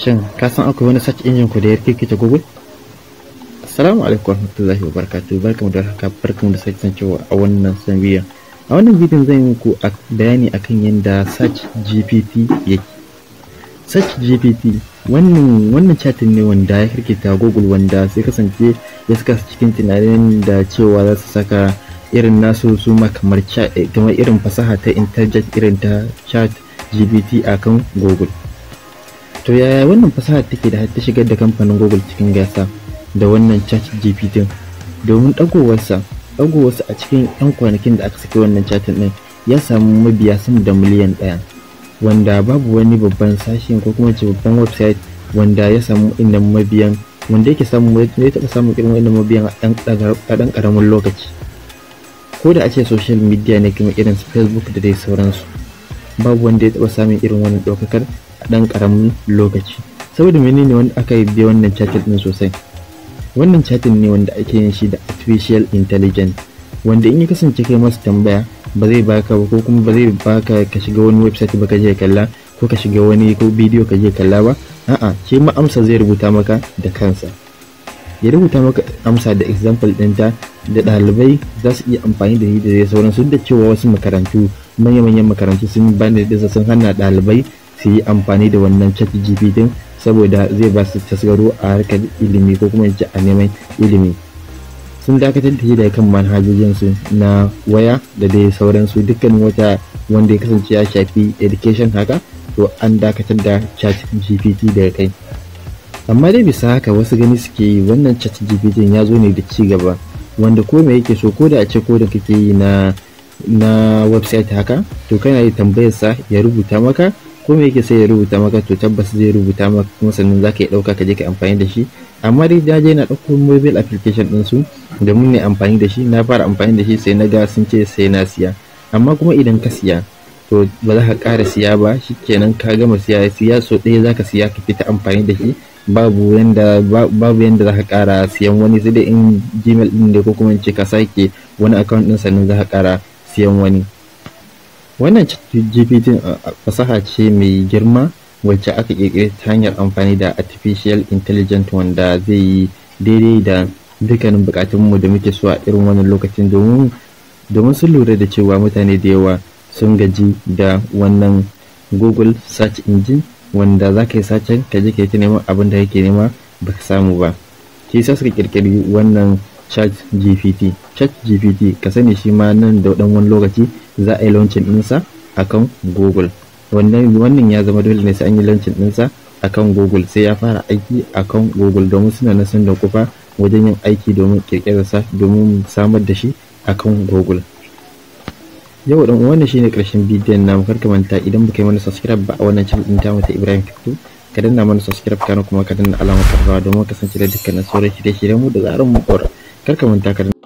shin ka san akwai wani search engine ku da ya rikikita google assalamu alaikum warahmatullahi wabarakatuh barkamu da haka barkamu da sake cewa a wannan san a wannan bidiyon zan yi muku bayani akan yadda search gpt yake search gpt wannan wannan chatin ne wanda ya kirkita google wanda sai kasance ya saka su cikin tunanin da cewa za su saka irin nasu su ma kamar eh, irin fasaha ta intelligent irin ta chat gpt akan google to yaya wannan fasahar take da ta shigar da kamfanin google cikin gasa da wannan chat gpt domin dagowarsa dagowarsa a cikin 'yan kwanakin da aka saki wannan chatin din ya samu mabiya sama da miliyan ɗaya wanda babu wani babban sashen ko kuma ce babban website wanda ya samu inda mabiyan wanda yake samu ya taɓa samun irin wannan mabiyan a ɗan ƙaramin lokaci ko da a ce social media ne kuma irin facebook da dai sauransu babu wanda ya taɓa samun irin wannan ɗaukakar dan ƙaramin lokaci saboda menene wanda aka yi biya wannan chatting ɗin sosai wannan chatting ne wanda ake yin shi da artificial intelligence wanda in ya kasance kai masa tambaya ba zai baka ba ko kuma ba zai baka ka shiga wani website ba ka je kalla ko ka shiga wani ko bidiyo ka je kalla ba a'a shi ma amsa zai rubuta maka da kansa ya rubuta maka amsa da example ɗinta da ɗalibai za su iya amfani da ni da sauransu da cewa wasu makarantu manya-manyan makarantu sun bani da sun hana ɗalibai su yi amfani da wannan chat gpt saboda zai ba su tasgaro a harkar ilimi ko kuma a neman ilimi sun dakatar da shi kan kan manhajojinsu na waya da dai sauransu dukkan wata wanda ya kasance ya shafi education haka to an dakatar da chat gpt daga kai amma dai bisa haka wasu gani suke yi wannan chat gpt ya zo ne da ci gaba wanda ko me yake so ko da a ce ko da kake yi na na website haka to kana yi tambayar sa ya rubuta maka ko me yake sai ya rubuta maka to tabbas zai rubuta maka kuma sannan za ka yi ɗauka ka je ka amfani da shi amma dai da je na ɗauko mobile application ɗin su da mun ne amfani da shi na fara amfani da shi sai na ga sun ce sai na siya amma kuma idan ka siya to ba za ka kara siya ba shi kenan ka gama siya siya so ɗaya za ka siya ka fita amfani da shi babu yanda babu yanda za ka kara siyan wani sai dai in gmail din da ko kuma in ce ka sake wani account din sannan za ka kara siyan wani Wannan GPT fasaha ce mai girma wacce aka kirkiri ta hanyar amfani da artificial intelligence wanda zai yi daidai da dukkanin mu da muke so a irin wannan lokacin domin domin sun lura da cewa mutane da yawa sun gaji da wannan google search engine wanda za ka yi sace ka je ka yi ta neman abin da kake nema ba ka samu ba ke yasa suka kirkiri wannan chat gpt chat gpt ka sani shi ma nan da wani lokaci za a yi launcin ɗinsa kan google wannan ya zama dole ne sai an yi launcin ɗinsa kan google sai ya fara aiki a kan google domin suna na sun da kufa wajen yin aiki domin ƙirƙirarsa domin samar da shi a kan google yau dan wannan shine karshen bidiyon namu karka manta idan baka yi mana subscribe ba a wannan channel din ta mata Ibrahim fito ka danna mana subscribe kana kuma ka danna alamar karrawa domin kasance da dukkanin sauran shirye-shiryen mu da tsarin mu kora karka manta ka